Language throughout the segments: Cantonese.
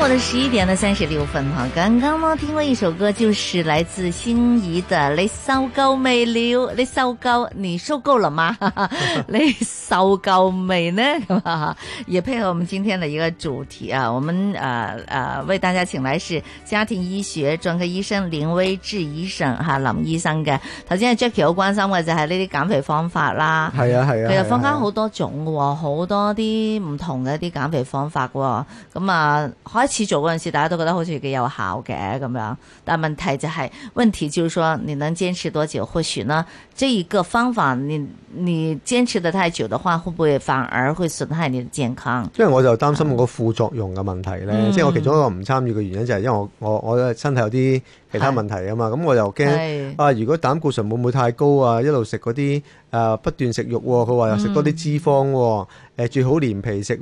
我的十一點的三十六分哈，剛剛呢聽過一首歌，就是來自心儀的你受夠未了？你受夠你受夠了嗎？你受夠未呢？也配合我們今天的一個主題啊，我們啊啊為大家請來是家庭醫學專科醫生林威智醫生哈林醫生嘅。頭先阿 Jackie 好關心嘅就係呢啲減肥方法啦，係啊係啊，其實坊間好多種嘅，好多啲唔同嘅一啲減肥方法嘅，咁啊始做嗰陣時，大家都覺得好似幾有效嘅咁樣，但係問題就係，問題就是說，你能堅持多久？或許呢，這一個方法，你你堅持得太久的話，會不會反而會損害你的健康？因為我就擔心我個副作用嘅問題咧，嗯、即係我其中一個唔參與嘅原因就係、是，因為我我我身體有啲其他問題啊嘛，咁係覺我又驚啊，如果膽固醇會唔會太高啊？一路食嗰啲誒，不斷食肉，佢話又食多啲脂肪，誒，最好連皮食。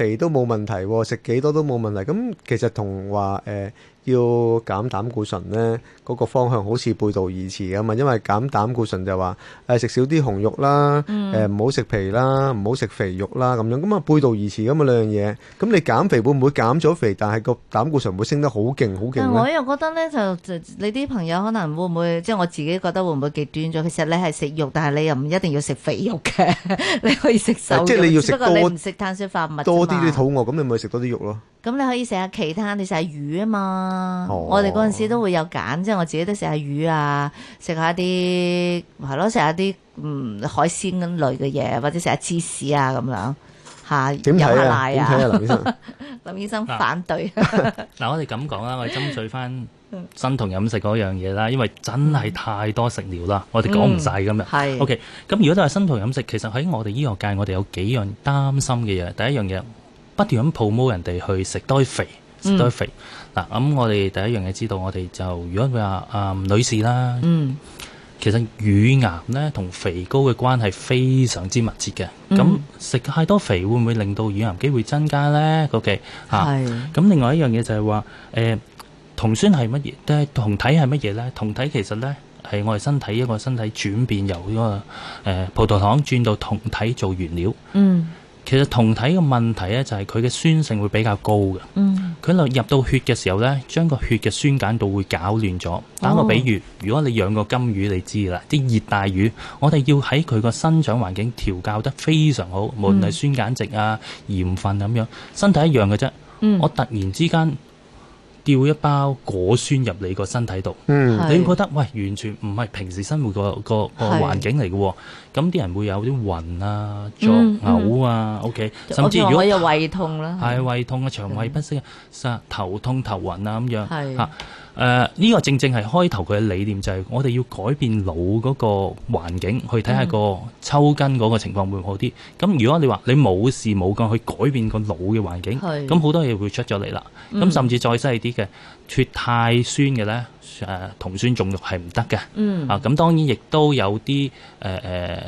肥都冇問題，食幾多都冇問題。咁、嗯、其實同話誒。呃要減膽固醇咧，嗰個方向好似背道而馳啊嘛！因為減膽固醇就話誒食少啲紅肉啦，誒唔好食皮啦，唔好食肥肉啦咁樣，咁啊背道而馳咁啊兩樣嘢。咁你減肥會唔會減咗肥，但係個膽固醇會升得好勁好勁咧？但係我又覺得咧，就就你啲朋友可能會唔會，即係我自己覺得會唔會極端咗？其實你係食肉，但係你又唔一定要食肥肉嘅，你可以食瘦肉。即係你要食多，不過你唔食碳水化合物，多啲你肚餓，咁你咪食多啲肉咯。咁你可以食下其他，你食下魚啊嘛。啊！哦、我哋嗰陣時都會有揀，即係我自己都食下魚啊，食下啲係咯，食下啲嗯海鮮咁類嘅嘢，或者食下芝士啊咁樣吓，飲、啊啊、下奶啊，啊。林醫生， 林醫生反對。嗱，我哋咁講啦，我哋爭取翻生酮飲食嗰樣嘢啦，因為真係太多食療啦，我哋講唔晒咁樣。係、嗯、OK。咁如果就係生酮飲食，其實喺我哋醫學界，我哋有幾樣擔心嘅嘢。第一樣嘢，不斷咁 promote 人哋去食多肥，食多肥。嗱，咁我哋第一樣嘢知道，我哋就如果佢話啊女士啦，其實乳癌咧同肥膏嘅關係非常之密切嘅。咁食、嗯、太多肥會唔會令到乳癌機會增加咧？OK 嚇、啊。咁是、嗯、另外一樣嘢就係話，誒、呃、酮酸係乜嘢？但係酮體係乜嘢咧？酮體其實咧係我哋身體一個身體轉變，由一個誒、呃、葡萄糖轉到酮體做原料。嗯。其實酮體嘅問題咧，就係佢嘅酸性會比較高嘅。嗯，佢落入到血嘅時候咧，將個血嘅酸鹼度會搞亂咗。打個比喻，哦、如果你養個金魚，你知啦，啲熱帶魚，我哋要喺佢個生長環境調教得非常好，無論係酸鹼值啊、嗯、鹽分咁樣，身體一樣嘅啫。我突然之間，嗯掉一包果酸入你個身體度，嗯、你會覺得喂，完全唔係平時生活、個個、個環境嚟嘅。咁啲人會有啲暈啊、作嘔啊、嗯嗯、OK，甚至如果有胃痛啦，係胃痛啊、腸胃不適啊、嗯、頭痛頭暈啊咁樣嚇。是啊。誒呢、呃這個正正係開頭佢嘅理念，就係我哋要改變腦嗰個環境，嗯、去睇下個抽筋嗰個情況會唔會好啲。咁如果你話你冇事冇咁去改變個腦嘅環境，咁好是多嘢會出咗嚟啦。咁、嗯、甚至再細啲嘅脫太酸嘅咧，誒、呃、酮酸中毒係唔得嘅。嗯啊，咁當然亦都有啲誒誒。呃呃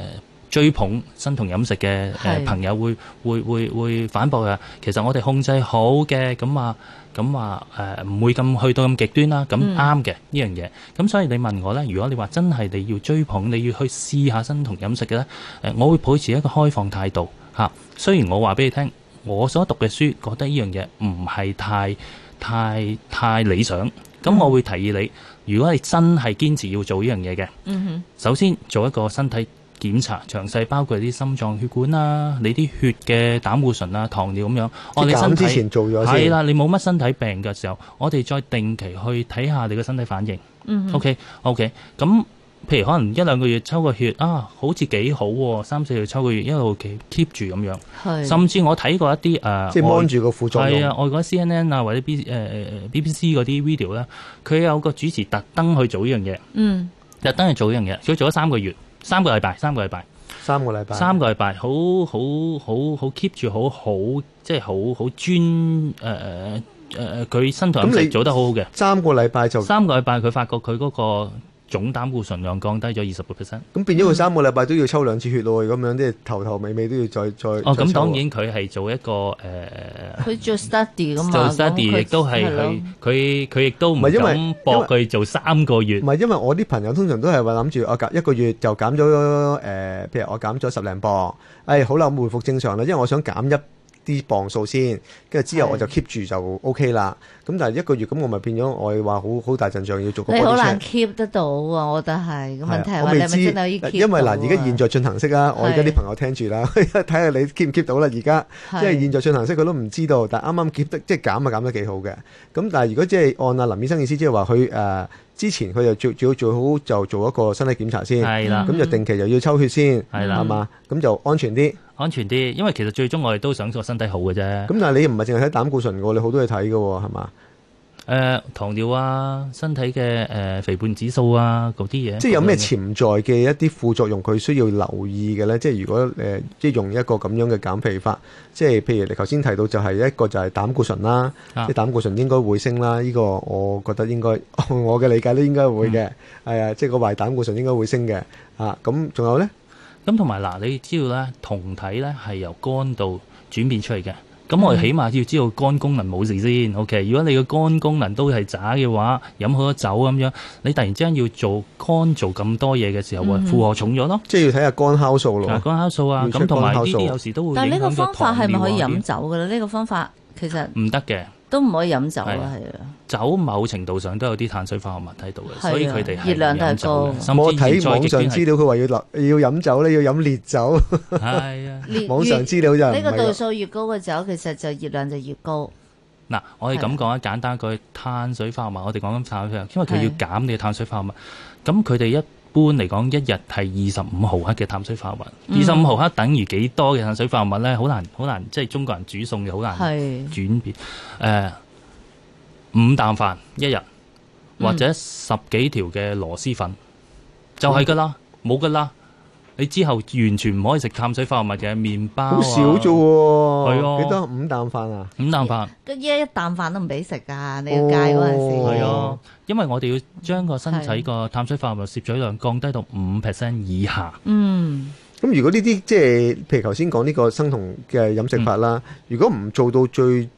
追捧生酮飲食嘅誒朋友是會會會會反駁啊，其實我哋控制好嘅咁啊，咁啊誒唔、呃、會咁去到咁極端啦。咁啱嘅呢樣嘢咁、嗯嗯，所以你問我呢，如果你話真係你要追捧，你要去試下生酮飲食嘅呢，誒、呃，我會保持一個開放態度嚇、啊。雖然我話俾你聽，我所讀嘅書覺得呢樣嘢唔係太太太理想。咁我會提議你，嗯、如果你真係堅持要做呢樣嘢嘅，嗯、首先做一個身體。檢查詳細包括啲心臟血管啦，你啲血嘅膽固醇啊、糖尿咁樣。我哋之前做咗，係啦，你冇乜身體病嘅時候，我哋再定期去睇下你嘅身體反應。嗯哼。O K O K，咁譬如可能一兩個月抽個血啊，好似幾好、啊，三四個月抽個月一路 keep 住咁樣。係是。甚至我睇過一啲誒，呃、即係按住個副作用係、呃、啊，外國 C N N 啊或者 B 誒 B B C 嗰啲 video 啦，佢有個主持特登去做呢樣嘢。嗯。特登去做呢樣嘢，佢做咗三個月。三個禮拜，三個禮拜，三個禮拜，三個禮拜，好好好好 keep 住，好好，好，好，好，好，好，好即係好好專誒誒誒，佢、呃呃、身體飲食做得好好嘅。三個禮拜就三個禮拜，佢發覺佢嗰、那個。總膽固醇量降低咗二十個 percent，咁變咗佢三個禮拜都要抽兩次血咯，咁樣即係頭頭尾尾都要再再。哦，咁當然佢係做一個誒，佢做 study 咁嘛，做 study 亦都係佢佢佢亦都唔敢搏佢做三個月。唔係因為我啲朋友通常都係話諗住，我隔一個月就減咗誒，譬如我減咗十零磅，誒好啦，我回復正常啦，因為我想減一。啲磅數先，跟住之後我就 keep 住就 OK 啦。咁但係一個月咁，我咪變咗我話好好大陣仗要做個。你好難 keep 得到啊！我覺得係問題，我未知。因為嗱，而家現在進行式啦，我而家啲朋友聽住啦，睇下你 keep 唔 keep 到啦。而家即係現在進行式，佢都唔知道。但係啱啱 keep 得即係減啊，減得幾好嘅。咁但係如果即係按阿林醫生意思，即係話佢誒之前佢就最最好最好就做一個身體檢查先。係啦，咁就定期又要抽血先。係啦，係嘛？咁就安全啲。安全啲，因為其實最終我哋都想做身體好嘅啫。咁但係你唔係淨係睇膽固醇嘅，你好多嘢睇㗎係嘛？誒、呃，糖尿啊，身體嘅誒、呃、肥胖指數啊，嗰啲嘢。即係有咩潛在嘅一啲副作用，佢需要留意嘅咧？即係如果誒、呃，即係用一個咁樣嘅減肥法，即係譬如你頭先提到就係一個就係膽固醇啦，即係膽固醇應該會升啦。呢、啊、個我覺得應該我嘅理解都應該會嘅，係啊，即係個壞膽固醇應該會升嘅。啊，咁仲有咧？咁同埋嗱，你知道咧，酮體咧係由肝度轉變出嚟嘅。咁我哋起碼要知道肝功能冇事先。OK，如果你個肝功能都係渣嘅話，飲好多酒咁樣，你突然之間要做肝做咁多嘢嘅時候啊，嗯哼會負荷重咗咯。即係要睇下肝酵素咯。肝酵素啊，咁同埋呢啲有時都會。但係呢個方法係咪可以飲酒㗎喇？呢個方法其實唔得嘅。都唔可以飲酒啊，係啊的！的酒某程度上都有啲碳水化合物喺度嘅，的所以佢哋熱量都係高。高，我睇網上資料，佢話要飲要飲酒咧，要飲烈酒。係啊的， 網上資料就呢個度數越高嘅酒，其實就熱量就越高。嗱，我哋咁講一簡單句碳水化合物，我哋講緊碳水，因為佢要減你嘅碳水化合物，咁佢哋一。一般嚟講，一日係二十五毫克嘅碳水化合物，二十五毫克等於幾多嘅碳水化合物呢？好難，好難，即係中國人煮餸又好難轉變。誒是、呃，五啖飯一日，或者十幾條嘅螺螄粉，嗯、就係噶啦，冇噶啦。你之後完全唔可以食碳水化合物，淨係麵包、啊。好少啫、啊，係哦、啊。幾多？五啖飯啊？五啖飯，依家一啖飯都唔俾食噶，你要戒嗰陣時。係、哦、啊，因為我哋要將個身體個碳水化合物攝取量降低到五 percent 以下。啊、嗯。咁如果呢啲即係，譬如頭先講呢個生酮嘅飲食法啦，嗯、如果唔做到最。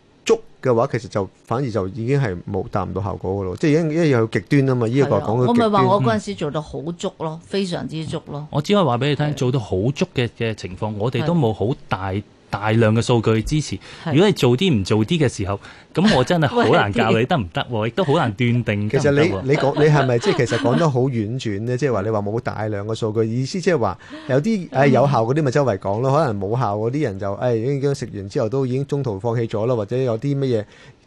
嘅話其實就反而就已經係冇達唔到效果㗎咯。即係因為有極端啊嘛，呢個話講嘅極端我咪話我嗰陣時做得好足咯，非常之足咯。嗯、我只可以話俾你聽，的做到好足嘅嘅情況，我哋都冇好大。大量嘅數據支持，如果你做啲唔做啲嘅時候，咁我真係好難教你得唔得喎，亦都好難斷定行唔行啊。 其實你你講你係咪即係其實講得好婉轉咧？即係話你話冇大量嘅數據，意思即係話有啲誒、哎、有效嗰啲咪周圍講咯，可能冇效嗰啲人就誒已經食完之後都已經中途放棄咗咯，或者有啲乜嘢。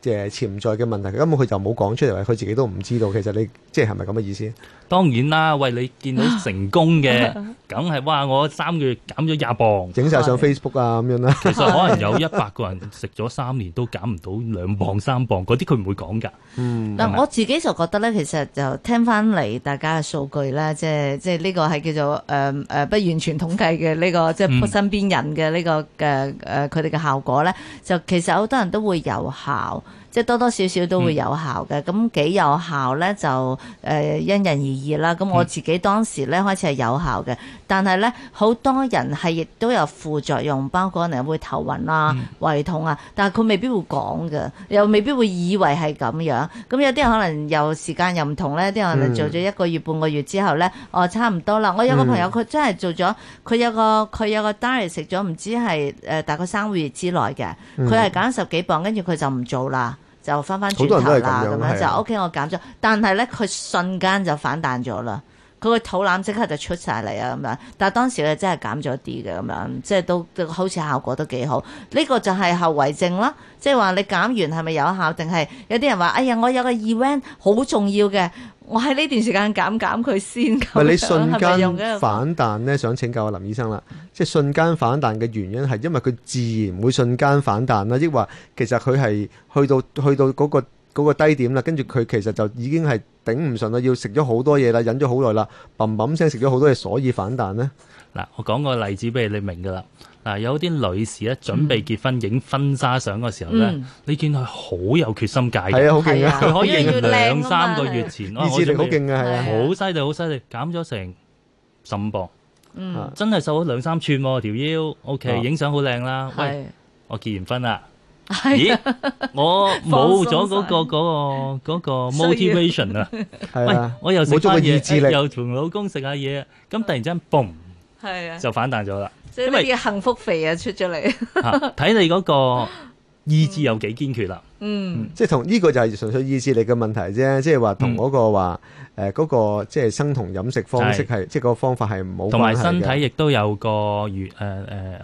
嘅潛在嘅問題，根本佢就冇講出嚟，佢自己都唔知道。其實你即係係咪咁嘅意思？當然啦，喂，你見到成功嘅，梗係哇！我三個月減咗廿磅，整晒上 Facebook 啊咁樣啦。其實可能有一百個人食咗三年都減唔到兩磅三磅，嗰啲佢唔會講㗎。嗯，但係我自己就覺得咧，其實就聽翻嚟大家嘅數據咧，即係即係呢個係叫做誒誒不完全統計嘅呢個，即係身邊人嘅呢個嘅誒佢哋嘅效果咧，就其實好多人都會有效。即多多少少都會有效嘅，咁幾、嗯、有效咧就誒、呃、因人而異啦。咁、嗯、我自己當時咧開始係有效嘅，但係咧好多人係亦都有副作用，包括可能會頭暈啦、啊、嗯、胃痛啊。但係佢未必會講嘅，又未必會以為係咁樣。咁有啲人可能又時間又唔同咧，啲人做咗一個月半個月之後咧，哦差唔多啦。我有個朋友佢、嗯、真係做咗，佢有個佢有個 diet 食咗唔知係誒大概三個月之內嘅，佢係減咗十幾磅，跟住佢就唔做啦。就翻翻轉頭啦，咁樣就 OK，我減咗，但係咧佢瞬間就反彈咗啦。個肚腩即刻就出晒嚟啊！咁樣，但係當時咧真係減咗啲嘅，咁樣，即係都，都好似效果都幾好。呢個就係後遺症啦，即係話你減完係咪有效？定係有啲人話：哎呀，我有個 event 好重要嘅，我喺呢段時間減減佢先咁樣。咪你瞬間反彈咧？想請教阿林醫生啦，即係瞬間反彈嘅原因係因為佢自然會瞬間反彈啦，抑或其實佢係去到去到嗰個。嗰個低點啦，跟住佢其實就已經係頂唔順啦，要食咗好多嘢啦，忍咗好耐啦，砰砰聲食咗好多嘢，所以反彈咧。嗱，我講個例子俾你明㗎啦。嗱，有啲女士咧準備結婚影婚紗相嘅時候咧，嗯、你見佢好有決心戒，係啊，好勁啊，佢可以影兩三個月前，意志力好勁啊，係啊，好犀利，好犀利，減咗成十五磅，嗯，啊、真係瘦咗兩三寸喎、啊、條腰。OK，影相好靚啦。喂、啊啊，我結完婚啦。咦，我冇咗嗰個個個 motivation 啦，係我又食翻嘢，又同老公食下嘢，咁、嗯、突然間嘣，係啊，就反彈咗啦，即係啲幸福肥啊出咗嚟，睇 你嗰個意志有幾堅決啦、啊嗯，嗯,嗯即，即係同呢個就係純粹意志力嘅問題啫，即係話同嗰個話誒嗰個即係生酮飲食方式係、嗯嗯，即係個方法係冇關係嘅，同埋身體亦都有個如誒誒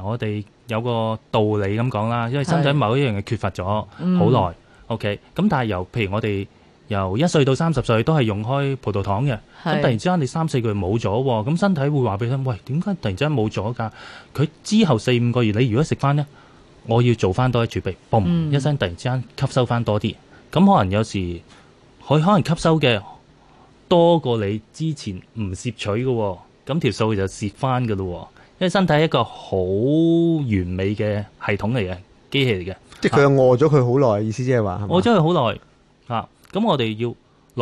我哋。嗯有個道理咁講啦，因為身體某一樣嘢缺乏咗好耐，OK。咁但係由譬如我哋由一歲到三十歲都係用開葡萄糖嘅，咁是突然之間你三四個月冇咗，咁身體會話俾你聽，喂，點解突然之間冇咗㗎？佢之後四五個月你如果食翻呢，我要做翻多啲儲備，嘣、嗯、一聲突然之間吸收翻多啲，咁可能有時佢可能吸收嘅多過你之前唔攝取嘅，咁條數就蝕翻㗎咯。即係身體係一個好完美嘅系統嚟嘅機器嚟嘅，即係佢餓咗佢好耐，意思即係話餓咗佢好耐啊！咁我哋要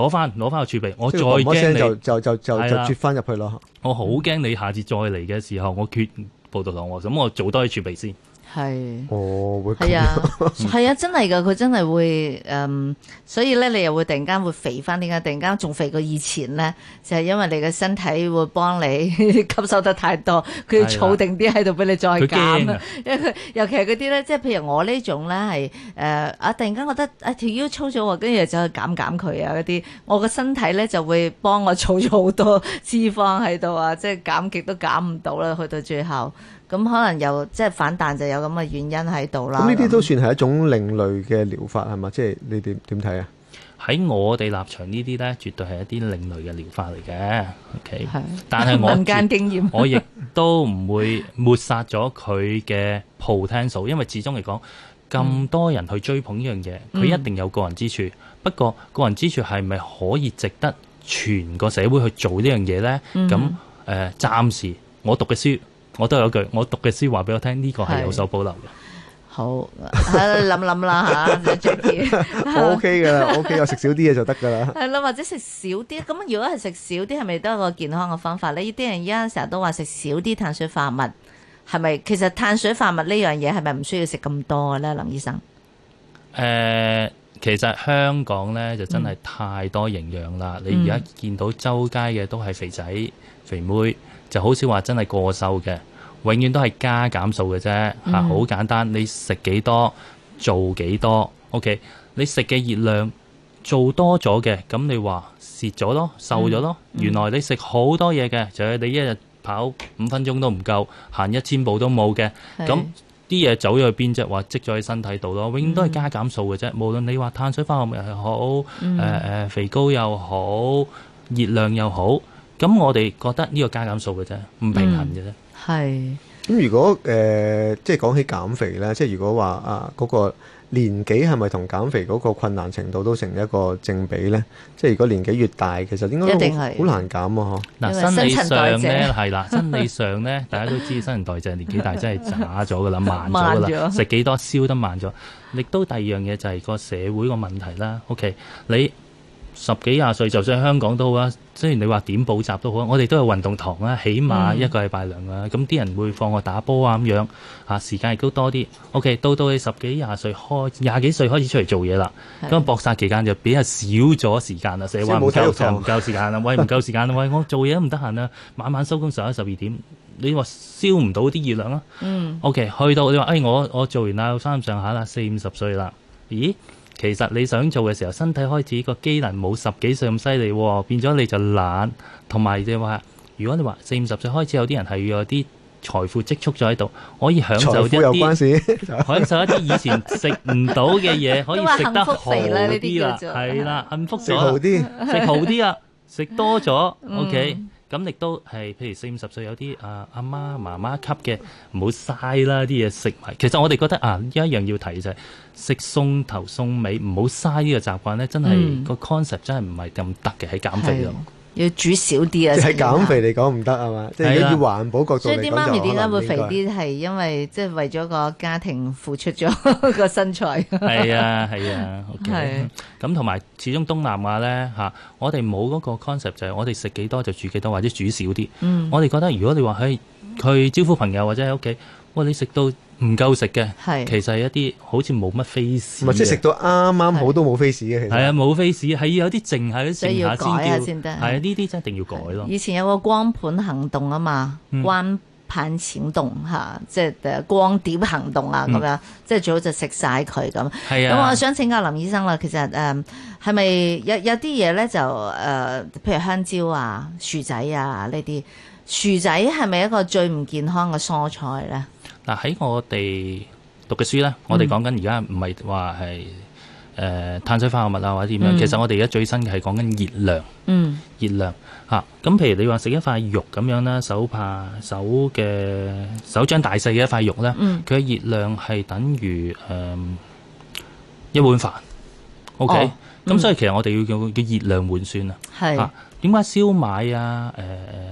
攞翻攞翻個儲備，我再驚就就就就就啜翻入去咯。我好驚你下次再嚟嘅時候我缺葡萄糖喎，咁我做多啲儲備先。係，是哦，係啊，係 啊，真係噶，佢真係會，嗯，所以咧，你又會突然間會肥翻點解？突然間仲肥過以前咧，就係、是、因為你嘅身體會幫你 吸收得太多，佢、啊、要儲定啲喺度俾你再減，啊、因為佢，尤其係嗰啲咧，即係譬如我種呢種咧係，誒、呃，啊，突然間覺得啊條腰粗咗，啊，我跟住就去減減佢啊嗰啲，我個身體咧就會幫我儲咗好多脂肪喺度啊，即係減極都減唔到啦，去到最後。咁可能又即係反彈，就有咁嘅原因喺度啦。咁呢啲都算係一種另類嘅療法係嘛？即係你點點睇啊？喺我哋立場呢啲呢，絕對係一啲另類嘅療法嚟嘅。O、okay? K，是但係我民間經驗， 我亦都唔會抹殺咗佢嘅 potential，因為始終嚟講咁多人去追捧呢樣嘢，佢、嗯、一定有個人之處。不過個人之處係咪可以值得全個社會去做呢樣嘢呢？咁誒、嗯，暫、嗯呃、時我讀嘅書。我都有句，我讀嘅詩話俾我聽，呢、這個係有所保留嘅。好，諗諗啦吓，最屌。我 OK 噶啦，OK，我食少啲嘢就得噶啦。係啦，或者食少啲。咁如果係食少啲，係咪都係個健康嘅方法呢？啲人而家成日都話食少啲碳水化合物，係咪？其實碳水化合物呢樣嘢係咪唔需要食咁多嘅咧？林醫生。誒、呃，其實香港咧就真係太多營養啦。嗯、你而家見到周街嘅都係肥仔肥妹，就好少話真係過瘦嘅。永遠都係加減數嘅啫，吓，好簡單。你食幾多做幾多？O.K. 你食嘅熱量做多咗嘅，咁你話蝕咗咯，瘦咗咯。原來你食好多嘢嘅，就係你一日跑五分鐘都唔夠，行一千步都冇嘅。咁啲嘢走咗去邊啫？話積咗喺身體度咯。永遠都係加減數嘅啫。無論你話碳水化合物又好，誒誒肥膏又好，熱量又好，咁我哋覺得呢個加減數嘅啫，唔平衡嘅啫。係咁是如果誒，即係講起減肥咧，即係如果話啊嗰個年紀係咪同減肥嗰個困難程度都成一個正比咧？即係如果年紀越大，其實應該都好難減啊！嗬，嗱，生理上咧係啦，生理上咧大家都知新陳代謝年紀大真係差咗噶啦，慢咗啦，食幾了多燒得慢咗。亦都了第二樣嘢就係個社會個問題啦。OK，你。你十幾廿歲，就算喺香港都好啊。雖然你話點補習都好，我哋都有運動堂啊，起碼一個禮拜兩啊。咁啲、嗯、人會放學打波啊咁樣，啊時間亦都多啲。OK，到到你十幾廿歲開廿幾歲開始出嚟做嘢啦。咁搏的殺期間就比較少咗時間啦，成日話唔夠時間，唔夠時間啦，喂唔夠時間啦，喂 我做嘢都唔得閒啦，晚晚收工十一十二點，你話燒唔到啲熱量啊、嗯、？OK，去到你話，哎我我做完啦，三上下啦，四五十,五十歲啦，咦？其實你想做嘅時候，身體開始個機能冇十幾歲咁犀利，變咗你就懶。同埋你話，如果你話四五十歲開始有啲人係要有啲財富積蓄咗喺度，可以享受一啲，有關事 享受一啲以前食唔到嘅嘢，可以食得好啲啦，係啦，幸福咗。食好啲，食好啲啊，食多咗，OK、嗯。咁亦都係，譬如四五十歲有啲阿阿媽媽媽級嘅，唔好嘥啦，啲嘢食埋。其實我哋覺得啊，一樣要提就係食送頭送尾，唔好嘥呢個習慣咧，真係、嗯、個 concept 真係唔係咁得嘅，喺減肥度。要煮少啲啊！即係減肥嚟講唔得啊嘛！的即係要環保角度嚟講，所以啲媽咪點解會肥啲？係 因為即係為咗個家庭付出咗個身材。 係啊係啊，OK 的。咁同埋始終東南亞咧吓，我哋冇嗰個 concept 就係我哋食幾多就煮幾多，或者煮少啲。嗯，我哋覺得如果你話去去招呼朋友或者喺屋企。哇！你食到唔夠食嘅。係其實一啲好似冇乜 face，或者食到啱啱好都冇 face 嘅，係啊冇 face，係要有啲靜，所以要改下先得。係啊，呢啲真一定要改咯。以前有個光盤行動啊嘛，光棒淺動吓、嗯啊，即係誒光碟行動啊咁、嗯、樣，即係最好就食晒佢咁。咁、嗯、我想請教林醫生啦，其實誒係咪有有啲嘢咧就誒、呃，譬如香蕉啊、薯仔啊呢啲，薯仔係咪一個最唔健康嘅蔬菜咧？嗱，喺我哋讀嘅書咧，嗯、我哋講緊而家唔係話係誒碳水化合物啊或者點樣，嗯、其實我哋而家最新嘅係講緊熱量，嗯、熱量嚇。咁、啊、譬如你話食一塊肉咁樣啦，手帕手嘅手掌大細嘅一塊肉咧，佢嘅、嗯、熱量係等於誒、呃、一碗飯。嗯嗯。O.K.，咁所以其實我哋要叫叫熱量換算啊。係。點解燒賣啊、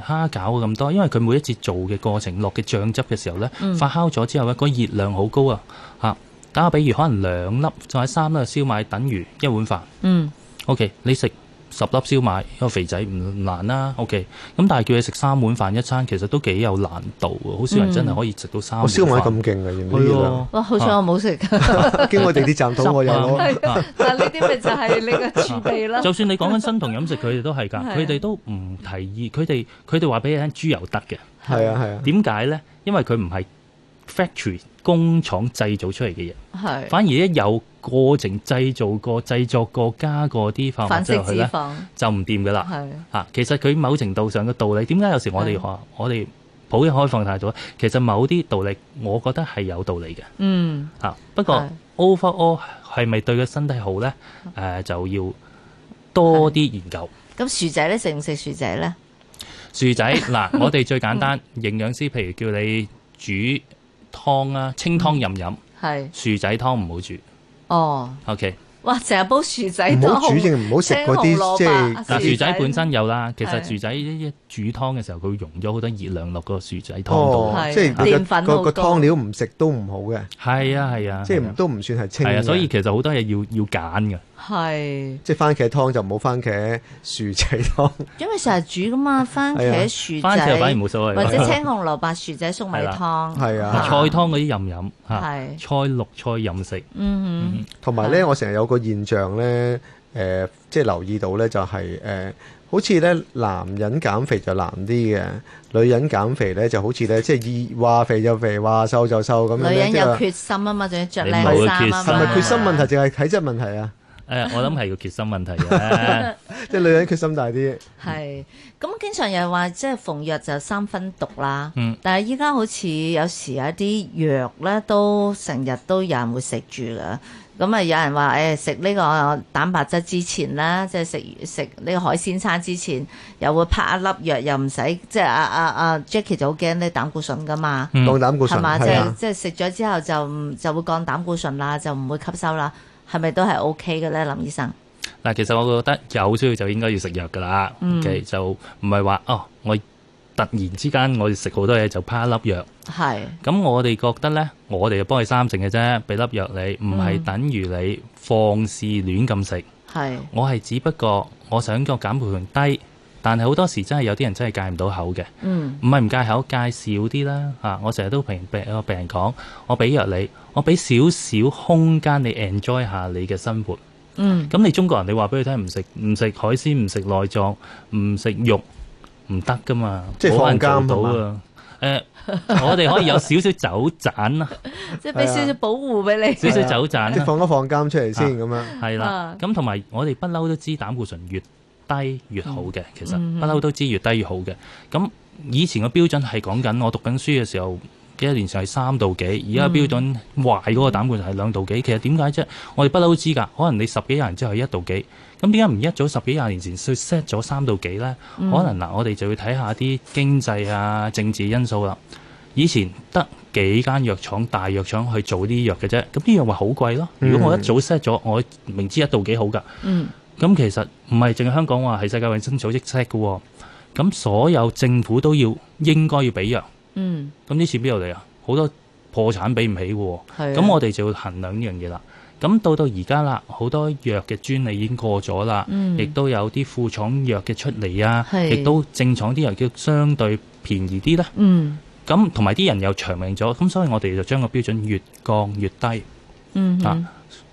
誒蝦餃咁多？因為佢每一次做嘅過程、落嘅醬汁嘅時候咧，發酵咗之後咧，嗰熱量好高啊。嚇，打個比喻，可能兩粒就係三粒嘅燒賣等於一碗飯。嗯。O.K. 你食。十粒燒賣一個肥仔唔難啦、啊，OK。咁但係叫你食三碗飯一餐，其實都幾有難度喎，好少人真係可以食到三碗飯。燒賣咁勁嘅，係喎。哇！啊、哇好彩我冇食。 經過地鐵站到我有啊。 但呢啲咪就係你個傳奇啦。 就算你講緊新同飲食，佢哋都係㗎。佢哋 都唔提議，佢哋佢哋話俾你聽豬油得嘅。係啊係啊。點解咧？因為佢唔係 factory。工廠製造出嚟嘅嘢，係反而一有過程製造過製作過加個啲化學物質落去咧，就唔掂噶啦。吓，其實佢某程度上嘅道理，點解有時我哋話我哋普嘅開放態度。其實某啲道理，我覺得係有道理嘅。嗯，吓，不過 over all 係咪對個身體好呢？誒、呃，就要多啲研究。咁薯仔呢，食唔食薯仔呢？薯仔嗱，我哋最簡單營養師，譬如叫你煮。湯啊，清湯任飲，係是薯仔湯唔好煮。哦，OK。哇！成日煲薯仔湯、煮定唔好食嗰啲，嗱薯仔本身有啦。其實薯仔煮湯嘅時候，佢溶咗好多熱量落個薯仔湯度，即係個個湯料唔食都唔好嘅。係啊，係啊，即係都唔算係清嘅。係啊，所以其實好多嘢要要揀嘅。係，即係番茄湯就冇番茄薯仔湯，因為成日煮噶嘛，番茄薯仔或者青紅蘿蔔薯仔粟米湯，係啊，菜湯嗰啲飲飲嚇，菜綠菜飲食嗯，同埋咧我成日有。個現象咧，誒、呃，即係留意到咧、就係，就係誒，好似咧男人減肥就難啲嘅，女人減肥咧就好似咧，即係易話肥就肥，話瘦就瘦咁樣。女人有決心啊嘛，仲、啊、要着靚衫啊嘛。係咪決心問題，定係體質問題啊？誒，我諗係個決心問題咧，即係女人決心大啲。係，咁經常又話即係逢藥就三分毒啦。但係依家好似有時有啲藥咧，都成日都有人會食住嘅。咁啊，有人話誒食呢個蛋白質之前啦，即係食食呢個海鮮餐之前，又會拍一粒藥，又唔使即係啊啊啊 Jackie 就好驚啲膽固醇㗎嘛，降膽固醇係啊，即係即係食咗之後就就會降膽固醇啦，就唔會吸收啦。Fruit. 係咪都係 OK 嘅咧，林醫生？嗱，其實我覺得有需要就應該要食藥噶啦，嗯，OK？就唔係話哦，我突然之間我哋食好多嘢就啪一粒藥。係是。咁我哋覺得呢，我哋就幫佢三成嘅啫，俾粒藥你，唔係等於你放肆亂咁食。係，嗯。我係只不過我想個減肥量低。是是但係好多時真係有啲人真係戒唔到口嘅，唔係唔戒口，戒少啲啦吓！我成日都平俾個病人講，我俾藥你，我俾少少空間你 enjoy 下你嘅生活。嗯，咁你中國人，你話俾佢聽唔食唔食海鮮，唔食內臟，唔食肉，唔得噶嘛，冇人做到啊！誒，我哋可以有少少走盞啦，即係俾少少保護俾你，少少走盞，放多放監出嚟先咁樣，係啦。咁同埋我哋不嬲都知膽固醇越低越好嘅，嗯、其實不嬲、嗯、哼都知越低越好嘅。咁以前嘅標準係講緊我讀緊書嘅時候，幾多年前係三度幾，而家標準、嗯、壞嗰個膽固醇係兩度幾。其實點解啫？我哋不嬲都知㗎。可能你十幾廿年之後係一度幾，咁點解唔一早十幾廿年前 set 咗三度幾呢？嗯、可能嗱、啊，我哋就要睇下啲經濟啊、政治因素啦。以前得幾間藥廠、大藥廠去做啲藥嘅啫，咁啲藥話好貴咯。如果我一早 set 咗，我明知一度幾好㗎。嗯咁其實唔係淨係香港話係世界衞生組織 check 嘅，咁所有政府都要應該要俾藥。嗯，咁呢次邊度嚟啊？好多破產俾唔起喎。咁、啊、我哋就要衡量兩樣嘢啦。咁到到而家啦，好多藥嘅專利已經過咗啦，嗯、亦都有啲副廠藥嘅出嚟啊，是亦都正廠啲藥叫相對便宜啲啦。嗯。咁同埋啲人又長命咗，咁所以我哋就將個標準越降越低。嗯哼。啊，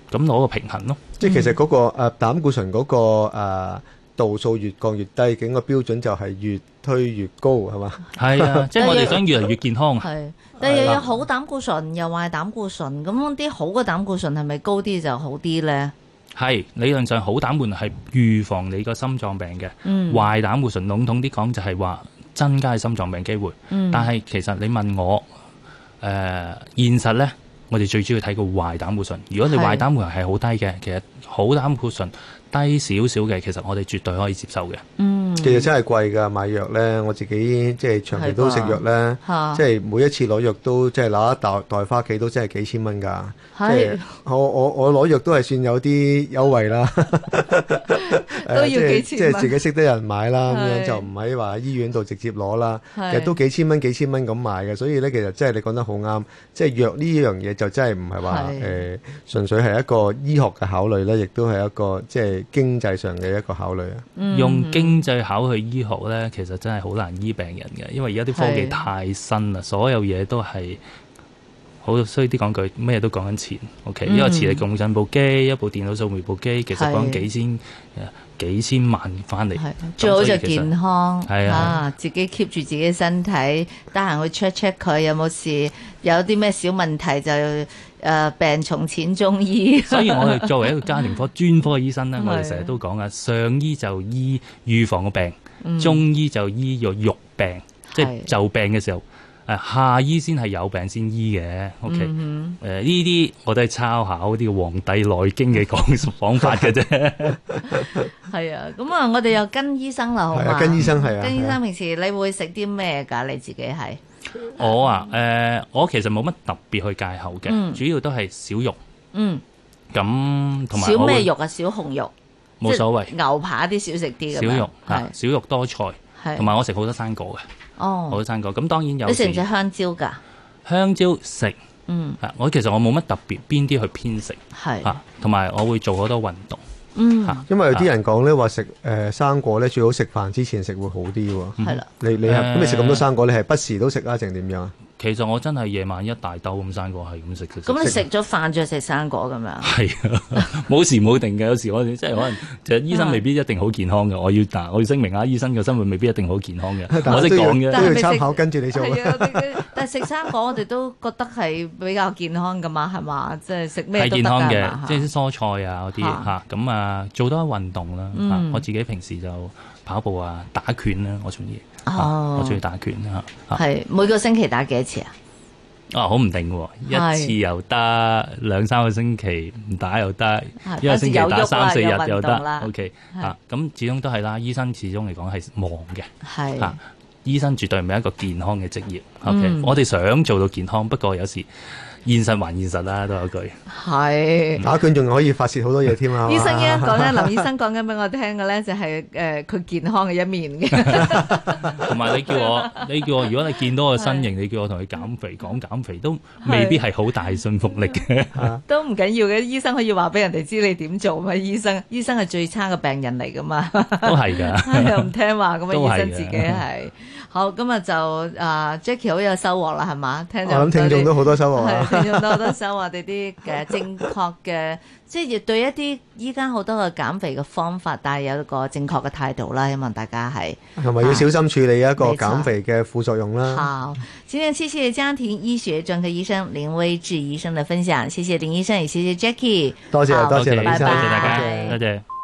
咁攞個平衡咯。嗯、即係其實嗰、那個誒膽、啊、固醇嗰、那個誒、啊、度數越降越低，咁個標準就係越推越高，係嘛？係啊， 即係我哋想越嚟越健康。係、嗯，但係又有好膽固醇，又壞膽固醇。咁啲好嘅膽固醇係咪高啲就好啲咧？係，理論上，好膽固醇係預防你個心臟病嘅。嗯，壞膽固醇籠統啲講就係話增加心臟病機會。嗯、但係其實你問我誒、呃、現實咧？我哋最主要睇個壞膽固醇。如果你壞膽固醇係好低嘅，是其實好膽固醇低少少嘅，其實我哋絕對可以接受嘅。嗯。其實真係貴㗎，買藥咧，我自己即係長期都食藥咧，吧即係每一次攞藥都即係攞一袋袋返屋企都真係幾千蚊㗎。係，是我我我攞藥都係算有啲優惠啦。 都要幾千即，即係自己識得人買啦，咁是樣就唔喺話醫院度直接攞啦。是其實都幾千蚊幾千蚊咁買嘅，所以咧其實真係你講得好啱。即係藥呢樣嘢就真係唔係話誒純粹係一個醫學嘅考慮咧，亦都係一個即係經濟上嘅一個考慮啊。用經濟考。嗯走去醫學咧，其實真係好難醫病人嘅，因為而家啲科技太新啦，是所有嘢都係好衰啲講句，咩都講緊錢。O、okay? K，、嗯、因為錢你共振部機，一部電腦、掃描部機，其實講幾千、是幾千萬翻嚟。是最好就健康，係啊，啊，自己 keep 住自己身體，得閒去 check check 佢有冇事，有啲咩小問題就。誒病從淺中醫，所以我哋作為一個家庭科專科嘅醫生咧、啊， 我哋成日都講啊，上醫就醫預防個病，嗯、中醫就醫藥肉病，即係、嗯、就，就病嘅時候，誒下醫先係有病先醫嘅。O K，誒呢啲我都係抄下啲《皇帝內經》嘅講方法嘅啫。係啊，咁啊，我哋又跟醫生啦，好、啊、跟醫生係啊。跟醫生平時你會食啲咩㗎？你自己係。我啊，誒，我其實冇乜特別去戒口嘅，主要都係少肉。嗯，咁同埋少咩肉啊？少紅肉，冇所謂。牛扒啲少食啲。少肉係，少肉多菜，係，同埋我食好多生果嘅。哦，好多生果。咁當然有。你食唔食香蕉㗎？香蕉食，嗯，我其實我冇乜特別邊啲去偏食，係啊，同埋我會做好多運動。嗯，因為有啲人講咧話，食誒生果咧最好食飯之前食會好啲喎。係啦，你你係咁？你食咁多生果，你係不時都食啊，定點樣啊？其實我真係夜晚一大兜咁生果，係咁食嘅。咁你食咗飯再食生果咁樣？係啊，冇時冇定嘅，有時我哋即係可能，其實醫生未必一定好健康嘅。我要嗱，我要聲明啊，醫生嘅生活未必一定好健康嘅。我識講嘅，都要參考跟住你做。但係食生果，我哋都覺得係比較健康㗎嘛，係嘛？即係食咩健康嘅，即係啲蔬菜啊嗰啲嚇。咁啊，做多運動啦，我自己平時就。跑步啊，打拳啦，啊，我中意。哦，啊，我中意打拳啦，啊。係、啊、每個星期打幾多次啊？啊，好唔定嘅，啊，是 一次又得，兩三個星期唔打又得，是一個星期打三四日又得。OK，啊，咁 okay, 是，啊、始終都係啦。醫生始終嚟講係忙嘅。係。是 啊，醫生絕對唔係一個健康嘅職業。OK？嗯、我哋想做到健康，不過有時。現實還現實啦、啊，都有一句。係是，打拳仲可以發泄好多嘢添啊。 醫生呢講緊咧， 林醫生講緊俾我聽嘅咧、就是，就係誒佢健康嘅一面嘅。同 埋你叫我，你叫我，如果你見到我身形， 是你叫我同佢減肥，講減肥都未必係好大信服力嘅。 都唔緊要嘅，醫生可以話俾人哋知你點做嘛。醫生，醫生係最差嘅病人嚟噶嘛。都係噶，又唔聽話咁啊！醫生自己係。好，今日就啊 Jackie 好有收穫啦，係嘛？聽咗。我諗你聽眾都好多收穫啊。 多我想我哋啲嘅正確嘅，即係亦對一啲依家好多嘅減肥嘅方法帶有一個正確嘅態度啦。希望大家係，同埋要小心處理一個減肥嘅副作用啦。 好，今日謝謝家庭醫學專科醫生林威智醫生嘅分享，謝謝林醫生，也謝謝 Jackie。多謝 Okay, 多謝林醫生，多謝大家，多謝。